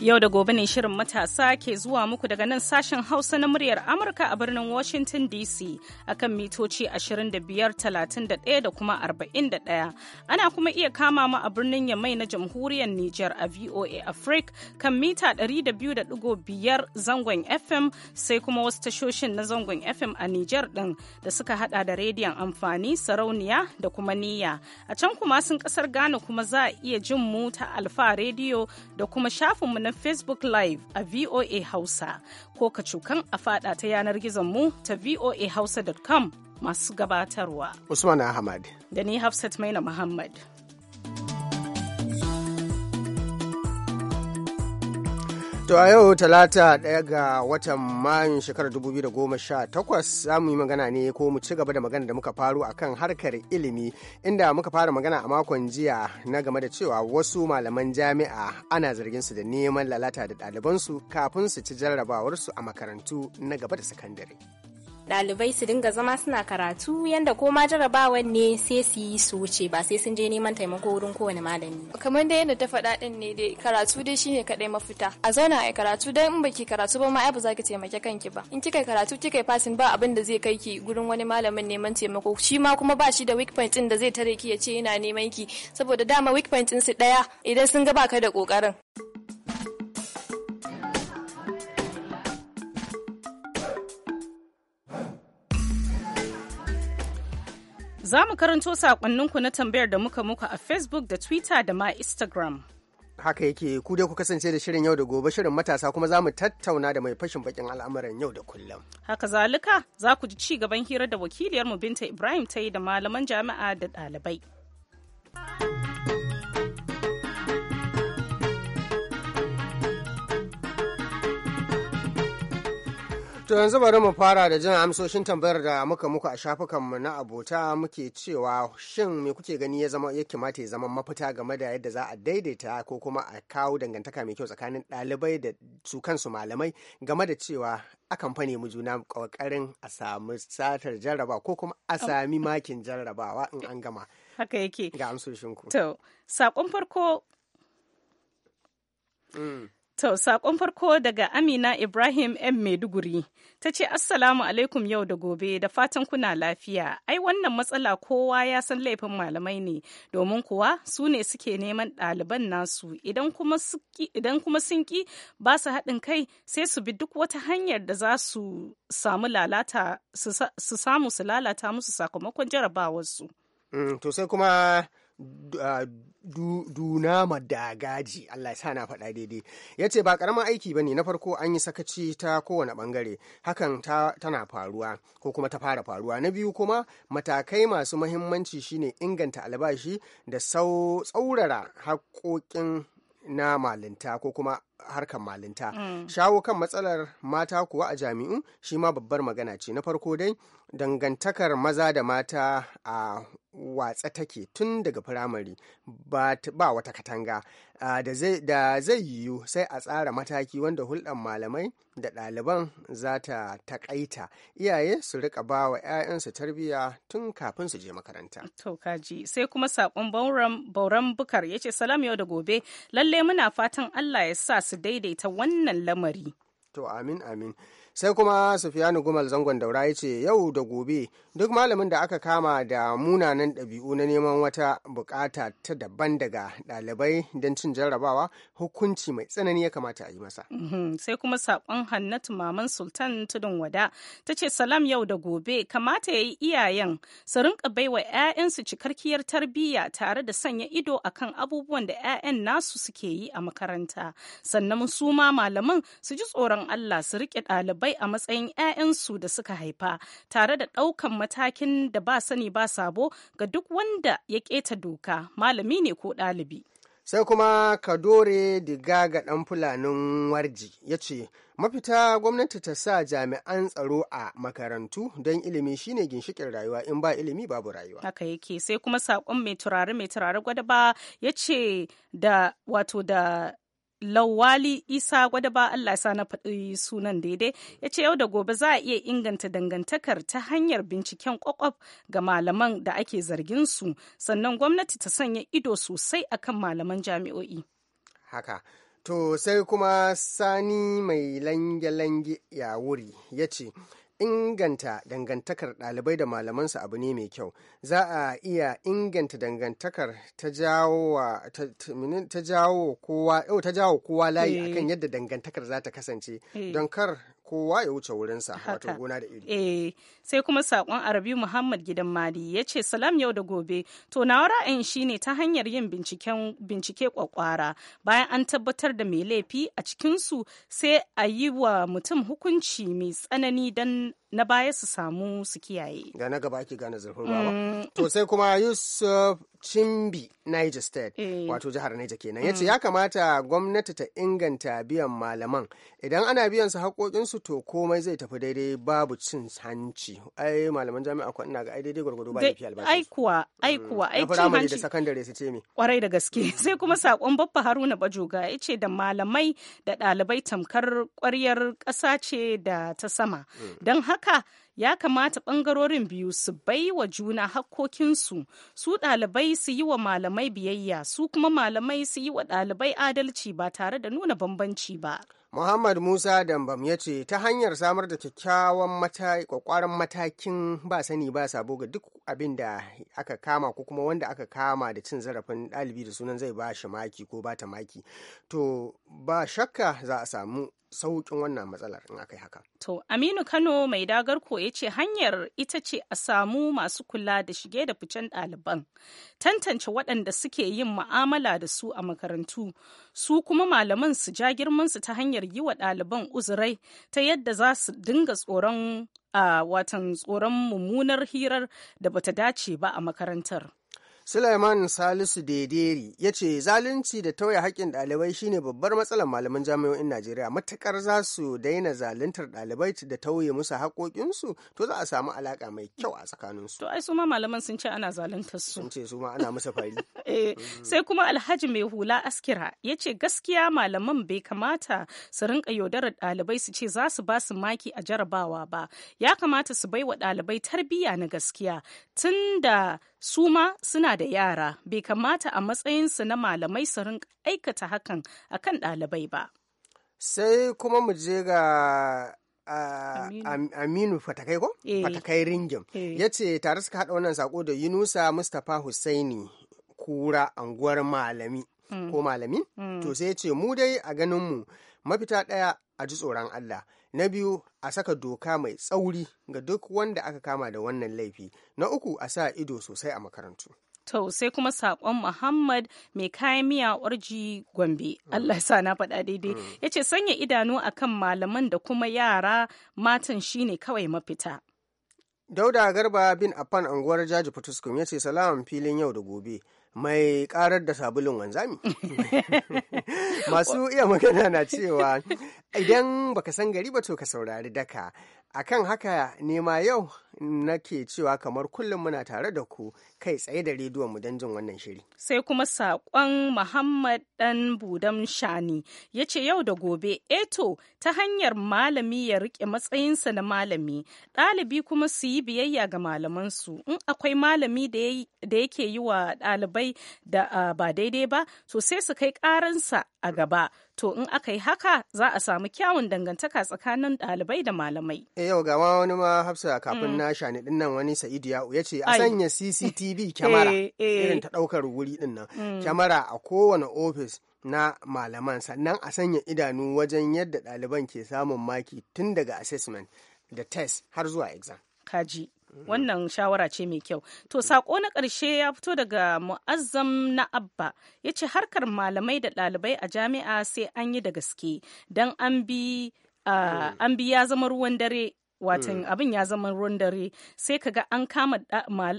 Yau da gobe ne shirin matasa ke zuwa muku daga nan sashen Hausa na muryar Amurka a birnin Washington DC akan mitoci 25,31 da kuma 41. Ana kuma iya kama mu a birnin Yamai na Jamhuriyar Nijar a VOA Africa kan mita 200.5 zangon FM sai kuma wasu tashoshin na zangon FM a Nijar ɗin da suka hada da rediyon amfani sarauniya da kuma niyya. A can kuma sun kasar Ghana kuma za a iya jin mu ta Alfa rediyo da kuma shafinmu na na Facebook Live a VOA Hausa ko ka kacukan a fada ta yanar mu ta voahausa.com masu gabatarwa. Usman Ahmad. Da ni Hafsat Maina Muhammad. To a yau talata ɗaya ga watan Mayun shekarar 2018 za mu yi magana ne ko mu ci gaba da magana da muka faru a kan harkar ilimi inda muka fara magana a makon jiya na game da cewa wasu malaman jami'a ana zargin su da neman lalata da ɗalibansu kafin su ci jarrabawarsu a makarantu na gaba da sakandare. Dalibai su dinga zama suna karatu yadda ko ma jarabawan ne sai su yi su wuce ba sai sun je neman taimako wurin kowane malami. Kamar da yadda ta faɗa ɗin ne dai karatu dai shine kaɗai mafita. A zauna a karatu dan in baki karatu ba ma ai ba za ki taimake kanki ba. In kika karatu kika fasin ba abin da zai kai ki gurin wani malamin neman taimako shi ma kuma ba shi da weak point ɗin da zai tare ki ya ce yana neman ki saboda dama weak point ɗin su ɗaya idan sun ga baka da ƙoƙarin. Za mu karanto saƙonninku na tambayar da muka muka a Facebook da Twitter da ma Instagram. haka yake ku dai ku kasance da shirin yau da gobe shirin matasa kuma za mu tattauna da mai fashin bakin al'amuran yau da kullum. Haka zalika za ku ji ci gaban hira da wakiliyarmu Binta Ibrahim ta yi da malaman jami'a da ɗalibai. To yanzu bari mu fara da jin amsoshin tambayar da muka muku a shafukanmu na abota muke cewa shin me kuke gani ya zama ya kimata ya zama mafita game da yadda za a daidaita ko kuma a kawo dangantaka mai kyau tsakanin ɗalibai da su kansu malamai game da cewa a fane mu juna ƙoƙarin a samu satar jarraba ko kuma a sami makin jarrabawa in an gama. Haka yake. Ga amsoshinku. To, saƙon farko. Mm. To, saƙon farko daga Amina Ibrahim M. Maiduguri ta ce, Assalamu alaikum yau da gobe da fatan kuna lafiya. Ai, wannan matsala kowa ya san laifin malamai ne, domin kuwa su ne suke neman ɗaliban nasu. Idan kuma sun ƙi ba su haɗin kai sai su bi duk wata hanyar da za su samu lalata su samu su lalata musu sakamakon jarabawarsu. Mm, to sai kuma Dunama Dagaji Allah ya na faɗa daidai ya ce ba ƙaramin aiki ba ne na farko an yi sakaci ta kowane ɓangare hakan tana faruwa ko kuma ta fara faruwa na biyu kuma matakai masu mahimmanci shine inganta albashi da tsaurara haƙoƙin na malinta ko kuma harkar malinta mm. shawo kan matsalar mata kuwa a jami'u shi ma babbar magana ce na farko dai dangantakar maza da mata a watsa take tun daga firamare ba wata katanga da zai yiwu sai a tsara mataki wanda hulɗan malamai da ɗaliban za ta takaita iyaye su rika ba wa 'ya'yansu tarbiya tun kafin su je makaranta. To kaji sai kuma saƙon bauran bukar ya ce salam yau da gobe lalle muna fatan Allah ya sa su daidaita wannan lamari. To amin amin. sai kuma sufiyanu gumal zangon daura ya ce yau da gobe duk malamin da aka kama da munanan ɗabi'u na neman wata bukata ta daban daga ɗalibai don cin jarrabawa hukunci mai tsanani ya kamata a yi masa mhm. sai kuma saƙon hannatu maman sultan tudun wada ta ce salam yau da gobe kamata ya yi iyayen su rinka baiwa 'ya'yansu cikakkiyar tarbiyya tare da sanya ido akan abubuwan da 'ya'yan nasu suke yi a makaranta sannan su ma malaman su ji tsoron allah su riƙe ɗalibai kawai a matsayin 'ya'yansu da suka haifa tare da ɗaukan matakin da ba sani ba sabo ga duk wanda ya keta doka malami ne ko ɗalibi. sai kuma kadore diga ga ɗan fulanin warji ya ce mafita gwamnati ta sa jami'an tsaro a makarantu don ilimi shine ginshikin rayuwa in ba ilimi babu rayuwa haka yake sai kuma saƙon mai turare mai turare gwada ba ya ce da wato da Lawali Isa Gwadaba Allah sa na faɗi sunan daidai ya ce yau da gobe za a iya inganta dangantakar ta hanyar binciken kwakwaf ga malaman da ake zargin su sannan gwamnati ta sanya ido sosai akan malaman jami'o'i. Haka. To sai kuma sani mai lange-lange ya wuri ya ce, inganta dangantakar ɗalibai da malamansu abu ne mai kyau za a iya inganta dangantakar ta jawo kowa layi akan eh. yadda dangantakar za ta kasance eh. don kar kowa ya wuce wurinsa wato gona da iri eh sai kuma saƙon arabi muhammad gidan mali ya ce salam yau da gobe to na ra'ayin ne ta hanyar yin binciken bincike kwakwara bayan an tabbatar da mai laifi a cikin su sai a yi wa mutum hukunci mai tsanani don. na baya su samu su kiyaye. Ga na gaba ake gane zurfin ruwa mm. To sai kuma Yusuf Chimbi Niger State eh. wato jihar Niger kenan Ya ce mm. ya kamata gwamnati ta inganta biyan malaman idan ana biyan su haƙoƙinsu to komai zai tafi daidai babu cin hanci. Ai malaman jami'a ko ina ga ai daidai gwargwado ba lafiya albashi. Aikuwa aikuwa ai kuwa ai mm. cin hanci. da sakandare su ce me. Kwarai da gaske sai kuma saƙon Baffa Haruna Bajoga ce da malamai da ɗalibai tamkar ƙwaryar ƙasa ce da ta sama. Don haka haka ya kamata bangarorin biyu su bai wa juna hakkokinsu su ɗalibai su yi wa malamai biyayya su kuma malamai su yi wa ɗalibai adalci ba tare da nuna bambanci ba. Muhammad Musa Dambam ya ce ta hanyar samar da kyakkyawan kwakwaran matakin ba sani ba sabo ga duk abin da aka kama ko kuma wanda aka kama da cin zarafin ɗalibi da sunan zai ba shi maki ko ba ta maki. To ba shakka za a samu sauƙin wannan matsalar in aka yi haka. To, Aminu Kano mai dagarko ya ce hanyar ita ce a samu masu kula da shige da ficen ɗaliban, tantance waɗanda suke yin ma'amala da su a makarantu, su kuma malaman su ja girmansu ta hanyar yi wa ɗaliban uzurai ta yadda za su dinga tsoron a ah, watan tsoron mummunar hirar da bata dace ba a makarantar. Suleiman Salisu Dederi ya ce zalunci da tauye haƙƙin ɗalibai shine babbar matsalar malaman jami'o'in Najeriya matuƙar za su daina zaluntar ɗalibai da tauye musu haƙoƙinsu to za a samu alaƙa mai kyau a tsakaninsu. To ai su ma malaman sun ce ana zaluntar su. Sun ce su ma ana musu fari. Eh, sai kuma Alhaji mai hula Askira ya ce gaskiya malaman bai kamata su rinka yaudarar ɗalibai su ce za su ba su maki a jarabawa ba. Ya kamata su baiwa ɗalibai tarbiyya na gaskiya tunda su ma suna da yara bai kamata a matsayinsu na malamai su aikata hakan a kan ɗalibai ba sai kuma mu je ga Aminu Fatakai ko? Eh. Fatakai Ringim. Eh. Ya ce tare suka haɗa wannan saƙo da Yunusa Mustapha Hussaini kura anguwar malami hmm. ko malami. Hmm. To sai ya ce mu dai a ganin mu mafita ɗaya a ji tsoron Allah. Na biyu a saka doka mai tsauri ga duk wanda aka kama da wannan laifi. Na uku a sa ido sosai a makarantu. To sai kuma saƙon Muhammad mai kayan miya orji Gombe. Mm. Allah sa na faɗa daidai. Mm. Ya ce sanya idanu akan malaman da kuma yara matan shine kawai mafita. Dauda Garba bin afan anguwar Jaji Fatuskum ya ce salamun filin yau da gobe. mai karar da sabulun wanzami masu iya magana na cewa idan baka san gari ba to ka saurari daka a kan haka ne ma yau nake cewa kamar kullum muna tare da ku kai tsaye da rediyonmu don jin wannan shiri. Sai kuma saƙon Muhammad dan Budam Shani ya ce yau da gobe eto eh ta hanyar malami ya riƙe matsayinsa na malami ɗalibi kuma su yi biyayya ga malamansu in akwai malami da yake yi wa ɗalibai da ah, ba daidai ba to sai su kai ƙaransa a gaba to in aka yi haka za a samu kyawun dangantaka tsakanin ɗalibai da malamai e yau ga wani ma hafsa kafin mm. na shani din nan wani sa'idu ya ya ce a sanya cctv kyamara eh, eh. irin ta ɗaukar wuri din nan mm. kyamara a kowane ofis na malaman sannan a sanya idanu wajen yadda ɗaliban ke samun maki tun daga assessment da test har zuwa exam kaji wannan shawara ce mai kyau to saƙo na ƙarshe ya fito daga mu'azzam na abba ya ce harkar malamai da ɗalibai a jami'a sai an yi da gaske don an bi ah, eh. an bi ya zama ruwan dare watan mm. abin ya zama ruwan dare sai kaga an kama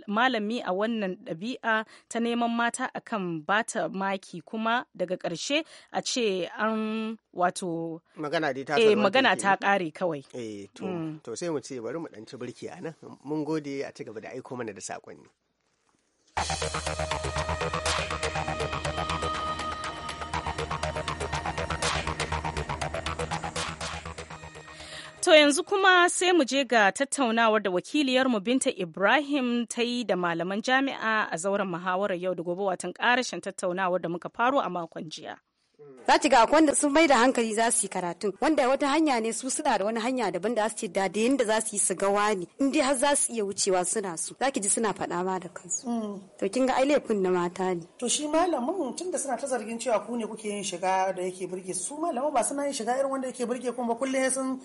malami a wannan ɗabi'a ta neman mata akan bata maki kuma daga ƙarshe a ce an wato magana ta eh, ƙare kawai e, to mm. to sai mu ce bari mu ɗanci birki a nan mun gode a ci gaba da aiko mana da saƙonni To yanzu kuma sai mu je ga tattaunawar da wakiliyarmu Binta Ibrahim ta yi da malaman jami'a a zauren muhawarar yau da gobe watan karashin tattaunawar da muka faru a makon jiya. za ki ga wanda sun mai da hankali za su yi karatun wanda wata hanya ne su suna da wani hanya daban da su ce da da za su yi su ga wani in dai har za su iya wucewa suna su za ki ji suna faɗa ma da kansu mm. to kin ga ai laifin na mata ne to shi malamin tun da suna ta zargin cewa ku ne kuke yin shiga da yake burge su malamin ba suna yin shiga irin wanda yake burge kuma kullum sun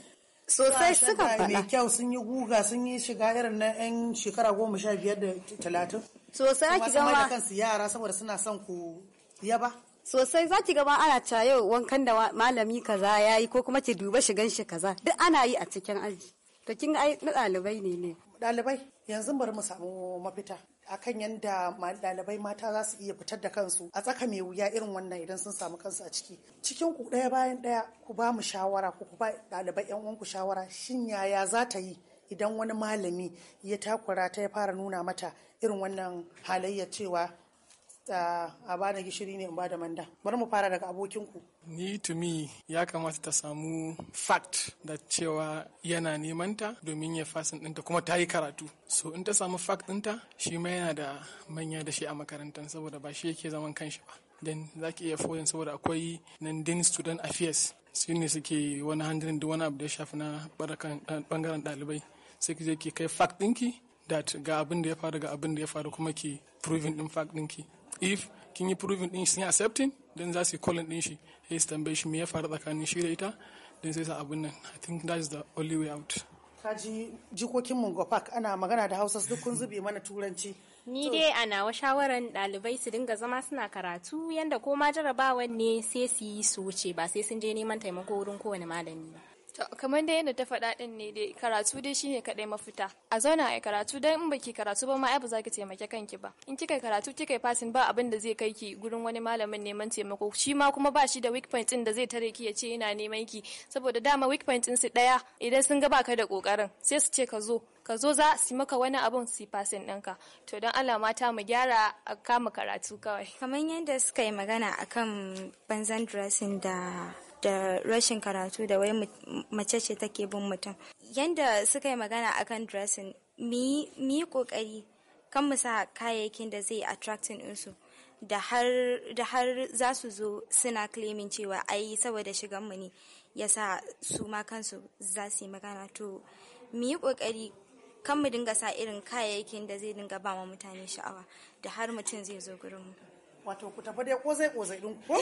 sosai suka faɗa mai kyau sun yi guga sun yi shiga irin na yan shekara goma sha biyar da talatin sosai ake gama kuma sama da kansu yara saboda suna son ku yaba sosai za ki gama ana ta yau wankan da malami kaza ya yi ko kuma ki duba shigan shi kaza duk ana yi a cikin aji to kin ga ai na ɗalibai ne ne ɗalibai yanzu bari mu samu mafita akan yadda ɗalibai mata za su iya fitar da kansu a tsaka mai wuya irin wannan idan sun samu kansu a ciki cikin ku ɗaya bayan ɗaya ku ba mu shawara ku ba ɗalibai yan uwanku shawara shin yaya za ta yi idan wani malami ya takura ta ya fara nuna mata irin wannan halayya cewa a bada gishiri ne in bada manda bari mu fara daga abokinku ni to ya kamata ta samu fact da cewa yana neman ta domin ya fasin ɗinta kuma ta yi karatu so in ta samu fact dinta shi ma yana da manya da shi a makarantar saboda ba shi yake zaman kanshi ba dan za ki iya foyin saboda akwai nan din student affairs su ne suke wani handirin da wani abu da ya shafi na bangaren eh, ɗalibai sai ki je ki kai fact ɗinki that ga abin da ya faru ga abin da ya faru kuma ki proving din fact ɗinki if kin yi proving din sun accepting then za su yi calling din shi sai su tambaye shi me ya faru tsakanin shi da ita then sai sa abun nan i think that is the only way out kaji jikokin mungo park ana magana da hausa duk kun zube mana turanci ni dai a nawa shawaran dalibai su dinga zama suna karatu yanda ko ma jarabawan ne sai su yi su wuce ba sai sun je neman taimako wurin kowane malami ba kamar dai yadda ta faɗa ɗin ne dai karatu dai shine kaɗai mafita a zauna a karatu don in baki karatu ba ma ai ba za ki taimake kanki ba in kika karatu kika fasin ba abin da zai kai ki gurin wani malamin neman taimako shi ma kuma ba shi da weak point ɗin da zai tare ki ya ce yana neman ki saboda dama weak point ɗin su ɗaya idan sun ga baka da kokarin sai su ce ka zo ka zo za su maka wani abun su fasin ɗinka to don Allah mata mu gyara a kama karatu kawai kamar yadda suka yi magana akan banzan dressing da da rashin karatu da wai mace ce take bin mutum yanda suka yi magana akan dressing mi yi kokari kan mu sa kayayyakin da zai attracting insu da har da har za su zo suna claiming cewa ai saboda shigan mu ne yasa su ma kansu za su yi magana to mu yi kokari kan mu dinga sa irin kayayyakin da zai dinga ba mutane sha'awa da har mutum zai zo gurin mu wato ku tafi dai kozai kozai din ko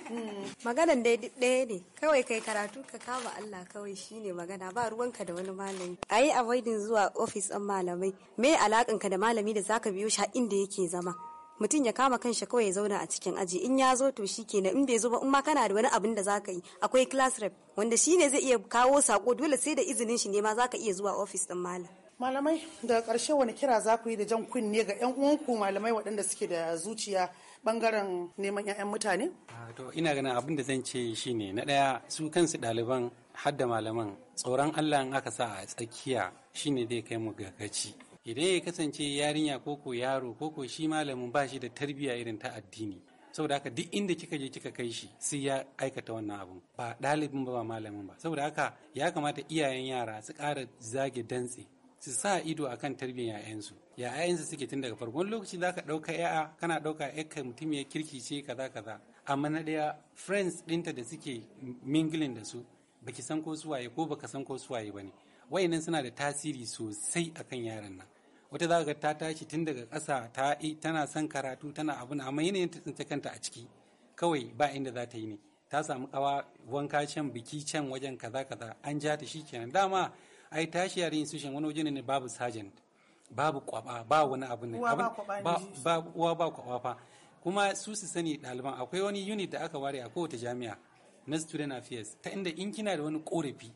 maganan dai duk ɗaya ne kawai kai karatu ka kama Allah kawai shine magana ba ruwanka da wani malami ayi avoiding zuwa ofis ɗin malamai me alakan ka da malami da zaka biyo shi inda yake zama mutum ya kama kanshi kawai ya zauna a cikin aji in ya zo to shi kenan in bai zo ba in ma kana da wani abin da zaka yi akwai class rep wanda shi ne zai iya kawo sako dole sai da izinin shi ne ma zaka iya zuwa ofis ɗin malam malamai daga karshe wani kira za ku yi da jan kunne ga 'yan uwanku malamai waɗanda suke da zuciya bangaren neman 'ya'yan mutane? Ah, to ina ganin abin da zan ce shine na ɗaya su kansu ɗaliban har da malaman tsoron Allah in aka sa a tsakiya shine zai kai mu gagaci. Idan ya kasance yarinya koko yaro koko shi malamin ba shi da tarbiyya irin ta addini. saboda haka duk inda kika je kika kai shi sai ya aikata wannan abun ba ɗalibin ba ba malamin ba saboda haka ya kamata iyayen yara su ƙara zage dantse su sa ido akan tarbiyyar yayansu ya suke tun daga farkon lokaci za ka ɗauka ya'a kana ɗauka yakka mutum ya kirki ce kaza kaza amma na ɗaya friends ɗinta da suke mingling da su baki san ko suwaye ko baka san ko suwaye ne wayannan suna da tasiri sosai akan yaran nan wata za ka ta tashi tun daga ƙasa ta tana son karatu tana na amma yanayin ta kanta a ciki kawai ba inda za ta yi ne ta samu kawa wanka can biki can wajen kaza kaza an ja ta shi kenan dama ai tertiary institution wani waje ne babu sergeant babu kwaba ba wani abu ne ba uwa ba kwaba fa kuma su su sani ɗaliban akwai wani unit da aka ware a kowace jami'a na student affairs ta inda in kina da wani korafi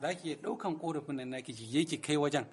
zaki ki iya ɗaukan korafin nan naki ki je ki kai wajen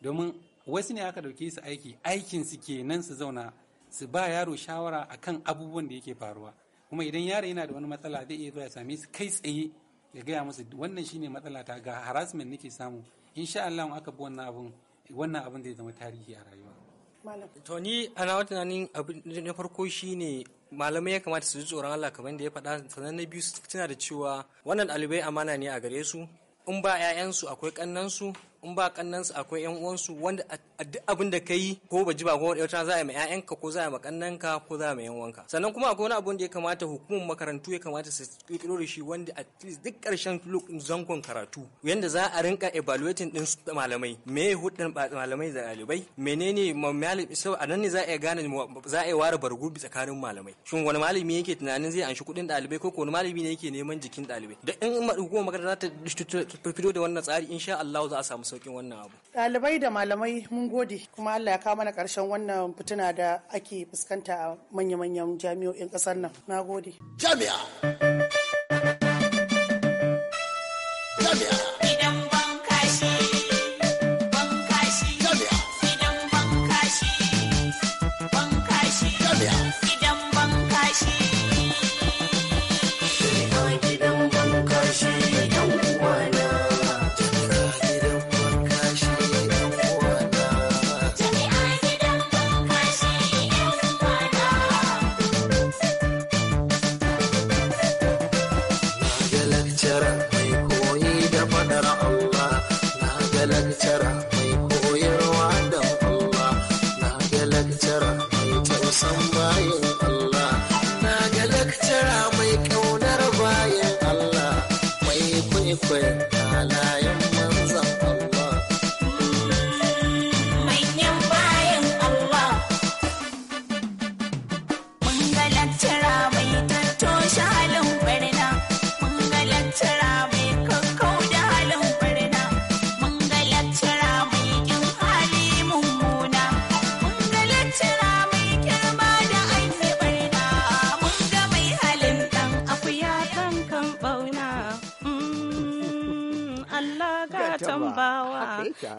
domin wasu ne aka ɗauke su aiki aikin su ke nan su zauna su ba yaro shawara akan abubuwan da yake faruwa kuma idan yaro yana da wani matsala zai iya zuwa ya same su kai tsaye ya gaya musu wannan shine matsala ta ga harassment nake samu insha Allah aka bi wannan abun wannan abun zai zama tarihi a rayuwa to ni ana tunanin abu na farko shine malamai ya kamata su ji tsoron Allah kamar da ya faɗa sanan na biyu su tuna da cewa wannan ɗalibai amana ne a gare su in ba 'ya'yansu akwai ƙannansu in ba kannansu akwai yan uwansu wanda a duk abin da ka yi ko ba ji ba ko wata za a yi ma 'ya'yanka ko za a yi ma kannanka ko za a yi ma yan wanka sannan kuma akwai wani abun da ya kamata hukumar makarantu ya kamata su kirkiro da shi wanda at least duk karshen zangon karatu yanda za a rinka evaluating din su malamai me hudun malamai da ɗalibai menene mamalin a nan ne za a gane za a ware bargubi tsakanin malamai shin wani malami yake tunanin zai anshi kuɗin ɗalibai ko wani malami ne yake neman jikin dalibai da in hukumar makaranta za ta fito da wannan tsari insha Allah za a samu Sokin wannan abu. Ɗalibai da malamai mun gode kuma Allah ya kawo mana ƙarshen wannan fituna da ake fuskanta a manya-manyan jami'o'in ƙasar nan. Na gode. Jami'a. Jami'a.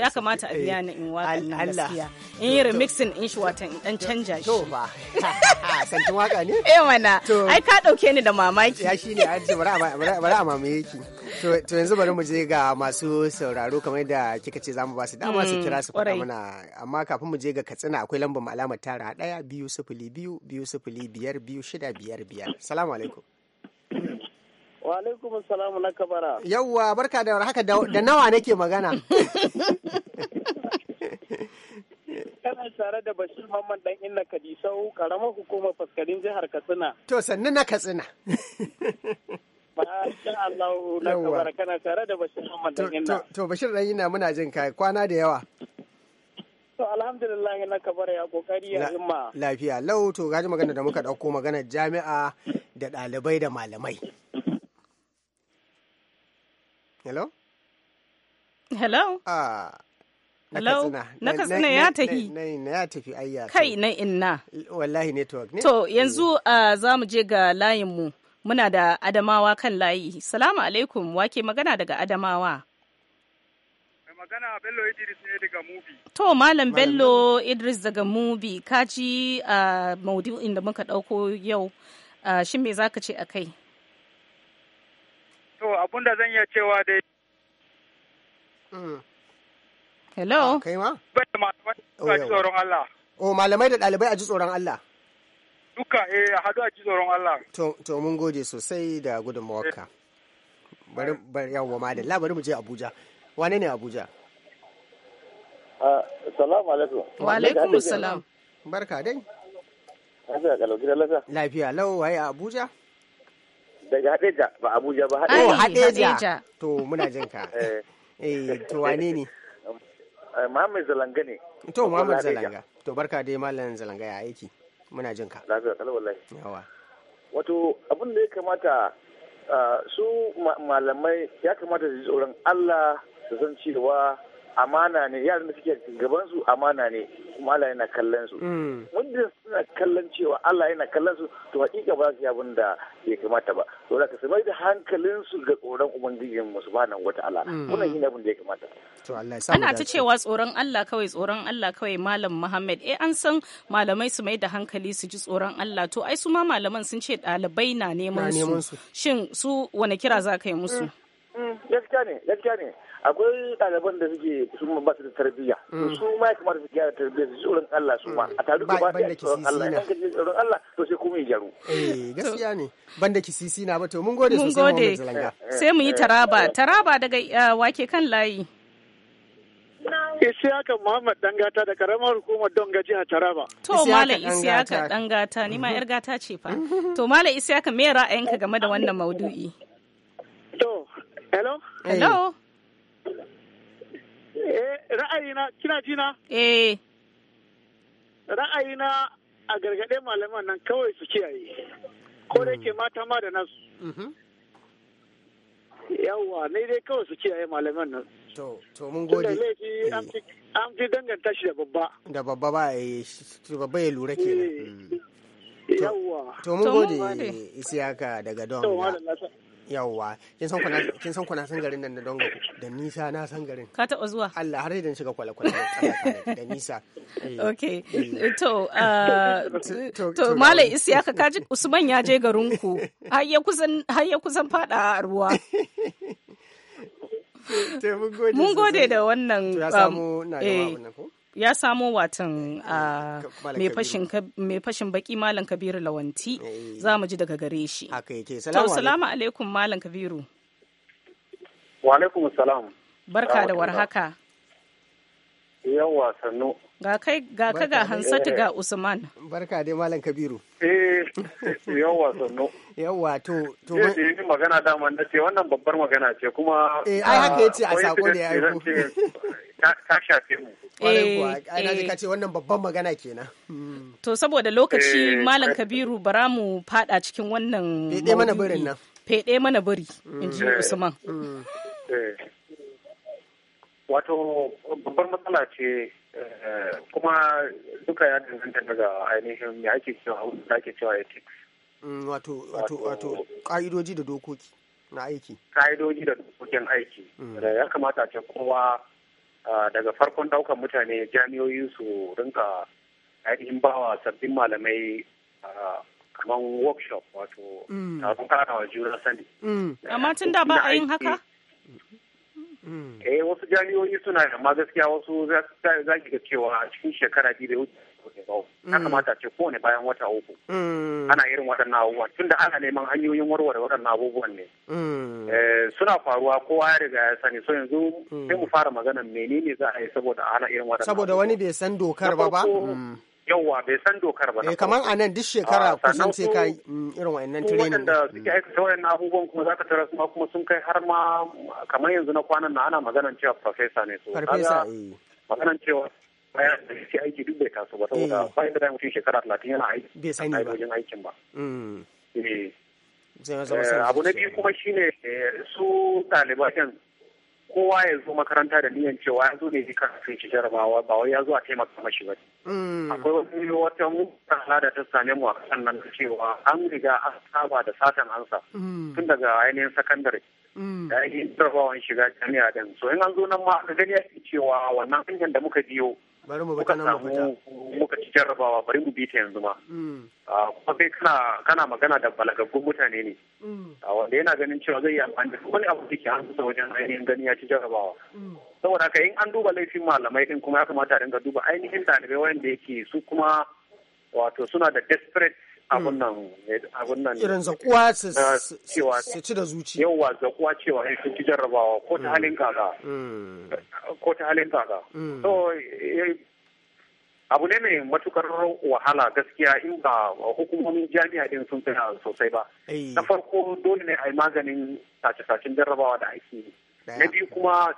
ya kamata a biya ni in waka nan gaskiya in yi remixin in shi watan in dan canja shi to ba santin waka ne eh mana ai ka dauke ni da mamaki ya shine an ce a mamaye ki to yanzu bari mu je ga masu sauraro kamar da kika ce zamu ba su dama su hmm, kira su faɗa mana amma kafin mu je ga Katsina akwai lambar alamar tara daya biyu sifili biyu biyu sifili biyar biyu shida biyar biyar salamu alaikum Wa alaikum salamu na kabara. Yawwa barka da haka da nawa nake magana. Kana tare da Bashir Mamman dan Inna Kadisau karamar hukumar faskarin jihar Katsina. To sannu na Katsina. Masha Allah na kabara kana tare da Bashir Muhammad dan Inna. To Bashir dan Inna muna jin kai kwana da yawa. To alhamdulillah na kabara ya kokari ya himma. Lafiya lau to gaji magana da muka dauko magana jami'a da ɗalibai da malamai. hello hello ah Hello? Na katsina ya tafi. Na ya tafi ayya. Kai na inna. Wallahi network ne. To yanzu eh. ah, za mu je ga layinmu. Muna da Adamawa kan layi. Salamu alaikum wake magana daga Adamawa. magana Bello Idris ne daga Mubi. To Malam Bello Idris daga Mubi, ka ji a ah, maudu'in da muka ɗauko yau. Ah, shin me za ka ce a kai? To abinda zan iya cewa dai. Hmm. Hello. Ah, kai ma? Bai da malamai a ji oh, tsoron Allah. Oh malamai da ɗalibai a ji tsoron Allah. Duka eh a a ji tsoron Allah. To mun gode sosai da gudun mawaka. Eh. Bari bari yawwa madalla labari mu je Abuja. Wane ne Abuja? Ah, salamu alaikum. Wa alaikum salam. Barka dai. Lafiya Lafiya lau waye a Abuja? Daga Hadeja ba Abuja ba Hadeja. Oh Hadeja. To muna jin ka. Eh. eh to wane ne? Eh, Muhammad Zalanga ne. To Muhammad Zalanga. To barka dai Malam Zalanga ya aiki. Muna jin ka. Lafiya kala wallahi. Yawa. Wato abin da ya kamata ah, su malamai ya kamata su ji tsoron Allah su san cewa amana ne yaran da suke gaban su amana ne kuma Allah yana kallon su mm. muddin suna kallon cewa Allah yana kallon su to hakika ba su yi abin da ya kamata ba to da su mai da hankalin su ga tsoron ubangijin mu subhanahu wataala muna mm. yin abin da ya kamata to Allah ya ana ta cewa tsoron Allah kawai tsoron Allah kawai malam Muhammad eh an san malamai su mai da hankali su ji tsoron Allah to ai su ma malaman sun ce ɗalibai na neman su shin su wani kira za ka yi musu mm. Mm, gaskiya ne gaskiya ne akwai ɗaliban da suke su ba su da tarbiyya mm. su ma ya kamata su gyara tarbiyya su tsoron Allah su ma mm. a tare da ba da tsoron Allah idan kace tsoron Allah to sai kuma ya gyaru eh gaskiya ne banda sisi na ba to mun gode sosai mun gode eh, sai mu yi eh, taraba eh. taraba daga wake kan layi Isiyaka Muhammad Dangata da karamar hukumar Donga jihar Taraba. To Malam Isiyaka Dangata ni ma yar gata ce fa. To Malam Isiyaka me ra'ayinka game da wannan maudu'i? To Hello? Hello? Eh, ra'ayina, kina jina? Eh. Ra'ayina a gargaɗe malaman nan kawai su kiyaye. Ko da yake mm. mata ma da nasu. Mm-hmm. Yawwa, ne dai kawai su kiyaye malaman nan. To, to mun gode. Tunda laifi eh. an fi danganta shi da babba. Da babba ba a eh, babba ya lura kenan. Eh. Mm. Yawwa. To mun gode Isiyaka daga Don. yawwa kin san kuna kin san kuna san garin nan da dongo da nisa na san garin ka taɓa zuwa Allah har idan shiga kwala kwala da nisa eh. okay eh. uh, to to malam ka kaji usman ya je garin ku har ya kusan har ya kusan fada ruwa mun gode da wannan ya samu um, na da wannan eh, ko ya samo watan ah, eh, mai fashin baki malam kabiru lawanti eh, eh. za mu ji daga gare shi to salamu alaikum malam kabiru wa alaikum salam barka da warhaka yawa sannu ga kai ga ka ga hansatu ga usman barka dai malam kabiru eh yawa sannu yawa to to eh ni magana da na ce wannan babbar magana ce kuma eh ai haka ah, yace a sako da ya aiko ta shafe mu Kwarai kuwa, eh, ana ji eh. ce wannan babban magana kenan. Hmm. To saboda lokaci eh, Malam Kabiru bara mu fada cikin wannan Fede mana birin nan. Fede mana bari. Hmm. in ji Usman. Hmm. Wato babbar matsala ce kuma duka ya danganta daga ainihin ya ake cewa da ake cewa ethics. Wato wato wato ka'idoji da dokoki na aiki. Ka'idoji da dokokin aiki. Ya kamata ce kowa Ah, daga farkon daukan mutane jami'oyi su rinka ainihin bawa sabbin malamai ah, kamar workshop wato mm. taron karawa juna sani. Mm. Amma tun da ba a yin haka? Mm. eh wasu jami'o'i suna da ma gaskiya wasu za ki ga cewa a cikin shekara biyu da wuce mm. ya kamata ce kowane bayan wata uku mm. ana irin waɗannan abubuwan tunda ana neman hanyoyin warware waɗannan abubuwan ne eh, suna faruwa kowa ya riga ya sani so yanzu sai mu fara maganar menene za a yi saboda ana irin waɗannan saboda wani bai san dokar ba ba yauwa bai san dokar ba. Eh kamar a nan duk shekara ah, kusan sai ka mm, irin wa'annan training. wanda suke aikata wa'annan abubuwan kuma za ka tara su kuma sun kai har ma kamar yanzu na kwanan na ana maganan cewa farfesa ne. Farfesa eh. Maganan cewa bayan da shi aiki duk bai taso ba saboda eh. bayan da da mutum shekara talatin yana aiki. Bai sani ba. aikin ba. Mm. Eh. Eh, abu na biyu kuma shine su ɗaliban kowa ya zo makaranta da niyan cewa ya zo ne zai karatu shi jarabawa ba wai ya zo a taimaka mashi ba. Mm. Akwai wani wata mutala da ta same mu a kasan nan cewa an riga an saba da satan ansa mm. tun daga ainihin sakandare. Mm. Da ainihin jarabawan shiga jami'a din. So in an zo nan ma aka gani cewa wannan hanyar da muka biyo bari mu bata nan mu fita muka ci jarrabawa bari mu bi ta yanzu ma mm. ah, kuma kai kana kana magana da balagaggun mutane ne mm. ah, wanda yana ganin cewa zai yi amfani da wani abu da ke hannusa wajen ainihin gani ya ci jarrabawa mm. saboda haka in an duba laifin malamai din kuma ya kamata a dinga duba ainihin ɗalibai wanda yake su kuma wato suna da desperate Abin mm. nan eh, abun nan irin zakuwa su ci da zuci yawa zakuwa cewa sai sun ci jarrabawa ko ta mm. halin kaka mm. ko ta halin kaka so eh, abu ne mai matukar wahala gaskiya in ba hukumomin jami'a din sun tsaya sosai ba na farko dole ne a yi maganin sace-sacen jarrabawa da ake na biyu kuma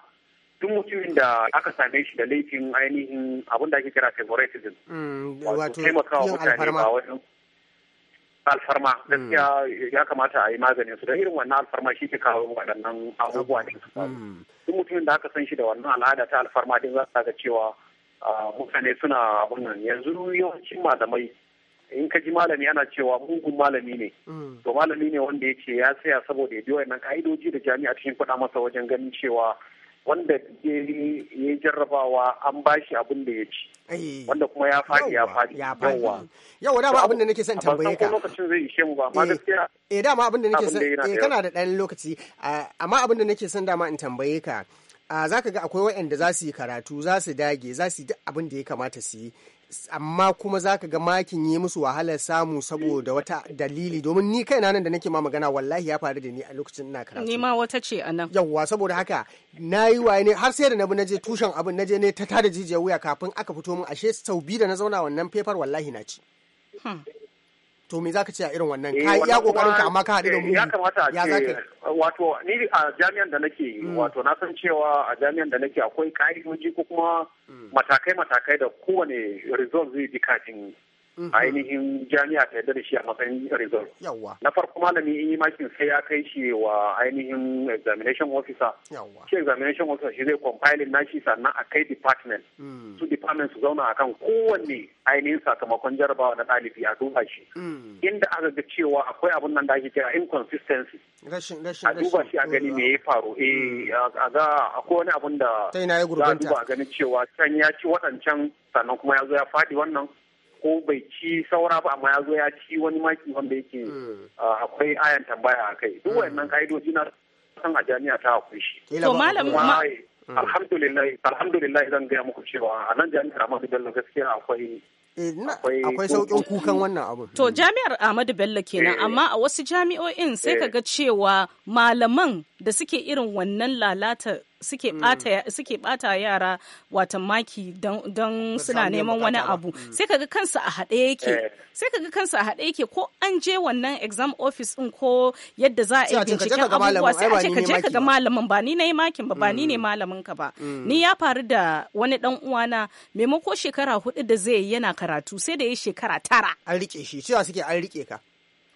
duk mutumin da aka same shi da laifin ainihin abin da ake kira favoritism wato taimakawa mutane ba wajen alfarma hmm. gaskiya ya kamata a yi maganin su da irin wannan alfarma shi ke kawo waɗannan abubuwa ne hmm. duk mutumin da aka san shi da wannan al'ada ta alfarma din za ga cewa mutane suna abun nan yanzu yawancin malamai in ka ji malami ana cewa mugun malami ne hmm. to malami ne wanda ya ce ya saya saboda ya bi wannan ka'idoji da jami'a cikin faɗa masa wajen ganin cewa wanda ya jarrabawa an bashi abin da ya ci wanda kuma ya faɗi ya faɗi yawa yawa dama abin da nake son tambaye ka lokacin zai ishe mu ba eh, gaskiya eh dama abin da nake son eh kana da ɗan lokaci amma abin da nake son dama in tambaye ka zaka za ka ga akwai waɗanda za su yi karatu za su dage za su yi duk abin da ya kamata su yi amma kuma za ka ga makin yi musu wahalar samu saboda wata dalili domin ni na nan da nake ma magana wallahi ya faru da ni a lokacin ina karatu ni ma wata ce a nan yawwa saboda haka na yi waye ne har sai da na bi naje tushen abin na ne ta tada jijiyar wuya kafin aka fito min ashe sau biyu da na zauna wannan fefar wallahi na ci hmm. to me zaka ce a irin wannan eh, ka iya kokarin ka amma ka haɗu da mu eh, ya kamata a ce wato ni a jami'an da nake mm. wato na san cewa a jami'an da nake akwai ka'idoji ko kuma mm. matakai matakai da kowane result zai bi kafin Mhm. ainihin jami'a ta yarda da shi a matsayin result na farko malami in yi makin sai ya kai shi wa ainihin examination officer shi examination officer shi zai compiling nashi sannan a kai department mm. su department su zauna akan kowanne ainihin sakamakon jarabawa na ɗalibi a duba shi mm. inda aka ga cewa akwai abun nan da ake kira inconsistency a duba shi a gani me ya faru eh mm. a ga akwai wani abun da za a duba a gani cewa can ya ci waɗancan sannan kuma ya zo ya faɗi wannan ko bai ci saura ba amma ya zo ya ci wani maki wanda yake hmm. ah, akwai ayan tambaya a kai duk hmm. wannan ka'idoji na san a jami'a ta akwai shi to malam hmm. alhamdulillah alhamdulillah zan gaya muku cewa a nan jami'ar Ahmadu Bello gaskiya akwai eh, akwai sauƙin kukan wannan abu. To jami'ar Ahmadu Bello kenan eh. amma a wasu jami'o'in sai ka eh. ga cewa malaman da suke irin wannan lalata suke bata mm. suke bata yara watan maki don suna neman wani abu mm. sai kaga kansu a haɗe yake eh. sai kaga kansu a haɗe yake ko an je wannan exam office din ko yadda za a yi binciken abubuwa sai a ce ka je ka ga malamin ba ni na yi makin ba ba ni ne mm. malamin ka ba ni ya faru da wani dan uwana maimako shekara hudu da zai yana karatu sai da ya shekara tara an rike shi cewa suke an rike ka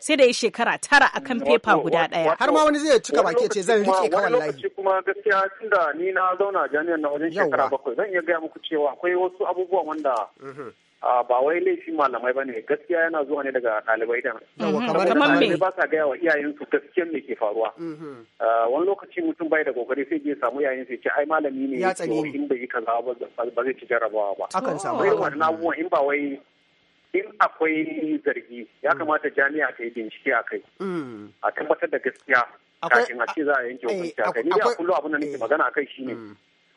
sai da yi shekara tara akan fefa guda daya har ma wani zai cika baki ce zan rike wallahi wani lokaci kuma gaskiya tunda ni na zauna jami'an na wajen shekara bakwai zan iya gaya muku cewa akwai wasu abubuwan wanda mm-hmm. ba wai laifin malamai ba ne gaskiya yana zuwa ne daga ɗalibai da ne mm-hmm. ba sa gaya wa iyayensu gaskiya me ke faruwa mm-hmm. wani lokaci mutum bai da kokari sai je samu iyayen sai ce ai malami ne ya tsani in bai yi kaza ba zai ci jarabawa ba akan samu wannan abubuwan in ba wai in akwai zargi ya kamata jami'a ta yi bincike a kai mm. a tabbatar da gaskiya kafin a ce za a yanke hukunci a kai ni da kullum abin da nake eh. magana a kai shine mm.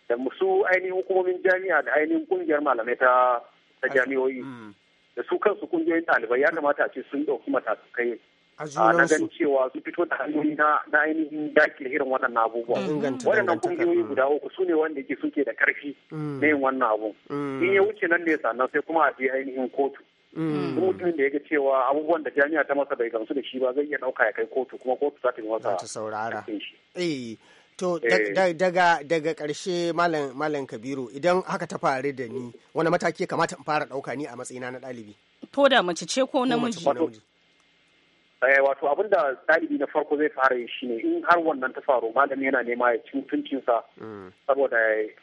da su ainihin hukumomin jami'a da ainihin kungiyar malamai ta jami'o'i mm. da su kansu kungiyoyin ɗalibai ya kamata a ce sun ɗauki matakai a na ganin cewa su fito da hanyoyi na ainihin dakile irin waɗannan abubuwa waɗannan kungiyoyi guda uku su ne wanda ke suke da ƙarfi na yin wannan abu in ya wuce nan ne sannan sai kuma a je ainihin kotu Mm. kuma mutumin da ya ga cewa abubuwan da jami'a ta masa bai gamsu da shi ba zai iya ɗauka ya kai kotu kuma kotu za ta yi masa ta saurara eh to eh. daga daga ƙarshe malam malam kabiru idan haka ta faru da ni wani mataki kamata in fara ɗauka ni a matsayina na ɗalibi to da mace ce ko namiji Eh, wato abin da ɗalibi na farko zai fara yin ne in har wannan ta faru malami yana nema ya ci mutuncinsa mm. saboda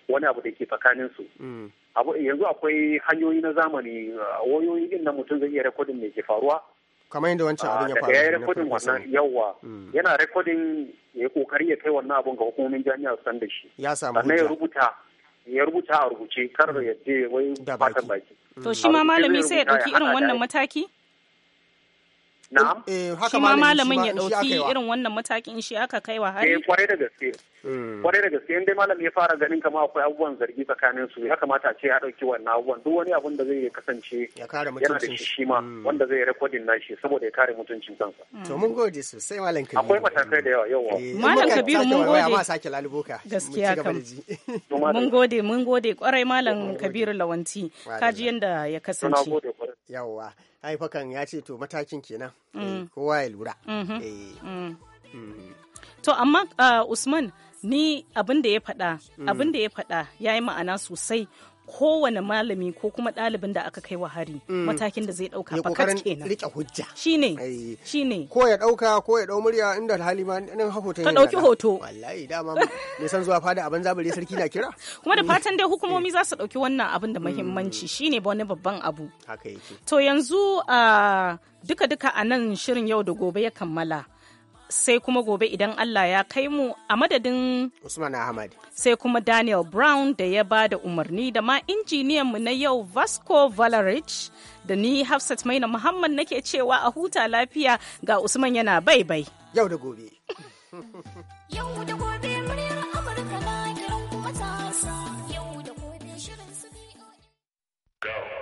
wani abu da ke tsakanin su mm. yanzu akwai hanyoyi na zamani uh, wayoyi din na mutum zai iya rekodin me ke faruwa kamar yadda wancan abin ya ah, faru ya rekodin wannan yawa mm. yana rekodin ya kokari ya kai wannan abun ga hukumomin jami'a san da shi ya samu hujja ya rubuta ya rubuta a rubuce kar ya je wai fatan baki to shi ma malami sai ya dauki irin wannan mataki Na'am. Eh, haka malamin ya dauki irin wannan matakin shi aka kai wa Eh, kwarai da gaske. Mm. kwarai da gaske dai malam ya fara ganin kama akwai abubuwan zargi tsakanin su ya kamata a ce ya dauki wannan abubuwan duk wani abun da zai kasance yana da shi ma mm. wanda zai rekodin nashi saboda ya kare mutuncin kansa mm. to mun gode sosai malam kabiru akwai matakai da yawa yawa eh, malam kabiru mun gode ma sake lalubo gaskiya kam mun gode mun gode kwarai malam kabiru lawanti kaji yanda ya kasance yawa fakan ya ce to matakin kenan eh, kowa ya lura mm-hmm. eh. to amma uh, usman ni abin da ya faɗa mm. abin da ya faɗa ya yi ma'ana sosai kowane malami ko kuma ɗalibin da aka kai wa hari mm. matakin da zai ɗauka fakat kenan rike hujja shine shine ko ya ɗauka ko ya ɗau murya inda hali ma nan hoto ka ɗauki hoto wallahi dama me san zuwa fada abin zabare sarki na kira kuma da mm. fatan dai hukumomi za su ɗauki wannan abin da muhimmanci shine wani babban abu haka yake to yanzu ah, duka duka a nan shirin yau da gobe ya kammala sai kuma gobe idan Allah ya kai mu a madadin Usman Ahmad sai kuma Daniel Brown da ya ba da umarni da ma injiniyan mu na yau Vasco Valerich da ni Hafsat Maina Muhammad nake cewa a huta lafiya ga Usman yana bai bai yau da gobe